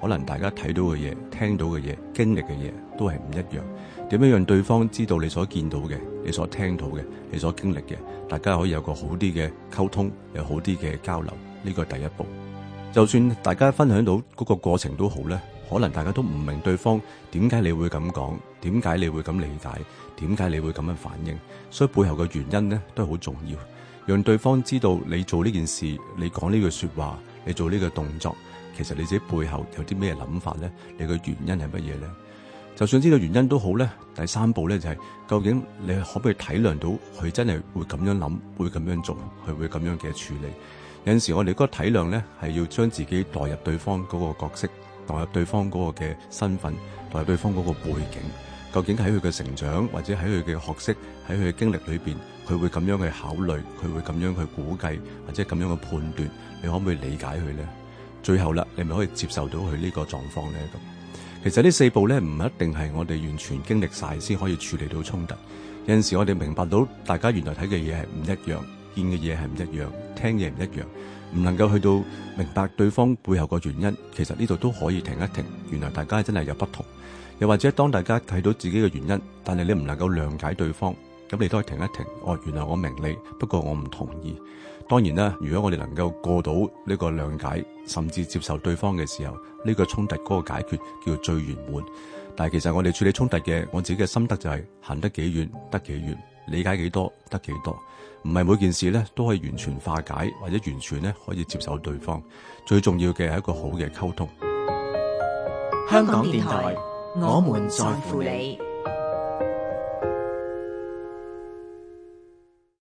可能大家睇到嘅嘢、聽到嘅嘢、經歷嘅嘢都係唔一樣，點樣讓對方知道你所見到嘅、你所聽到嘅、你所經歷嘅，大家可以有個好啲嘅溝通，有好啲嘅交流，呢個第一步。就算大家分享到嗰個過程都好咧，可能大家都唔明對方點解你會咁講，點解你會咁理解，點解你會咁樣反應，所以背後嘅原因咧都係好重要，讓對方知道你做呢件事、你講呢句說話、你做呢個動作。其實你自己背後有啲咩諗法咧？你個原因係乜嘢咧？就算知道原因都好咧。第三步咧就係、是、究竟你可唔可以體諒到佢真係會咁樣諗，會咁樣做，佢會咁樣嘅處理。有陣時我哋嗰個體諒咧，係要將自己代入對方嗰個角色，代入對方嗰個嘅身份，代入對方嗰個背景。究竟喺佢嘅成長或者喺佢嘅學識、喺佢嘅經歷裏面，佢會咁樣去考慮，佢會咁樣去估計，或者咁樣去判斷，你可唔可以理解佢咧？最後啦，你咪可以接受到佢呢個狀況呢？咁。其實呢四步呢，唔一定係我哋完全經歷晒先可以處理到衝突。有陣時我哋明白到大家原來睇嘅嘢係唔一樣，見嘅嘢係唔一樣，聽嘢唔一樣，唔能夠去到明白對方背後個原因。其實呢度都可以停一停，原來大家真係有不同。又或者當大家睇到自己嘅原因，但係你唔能夠諒解對方。咁你都可以停一停，哦，原來我明你，不過我唔同意。當然啦，如果我哋能夠過到呢個諒解，甚至接受對方嘅時候，呢個衝突嗰個解決叫最圓滿。但係其實我哋處理衝突嘅我自己嘅心得就係行得幾遠得幾遠，理解幾多得幾多，唔係每件事咧都可以完全化解或者完全咧可以接受對方。最重要嘅係一個好嘅溝通。香港電台，我們在乎你。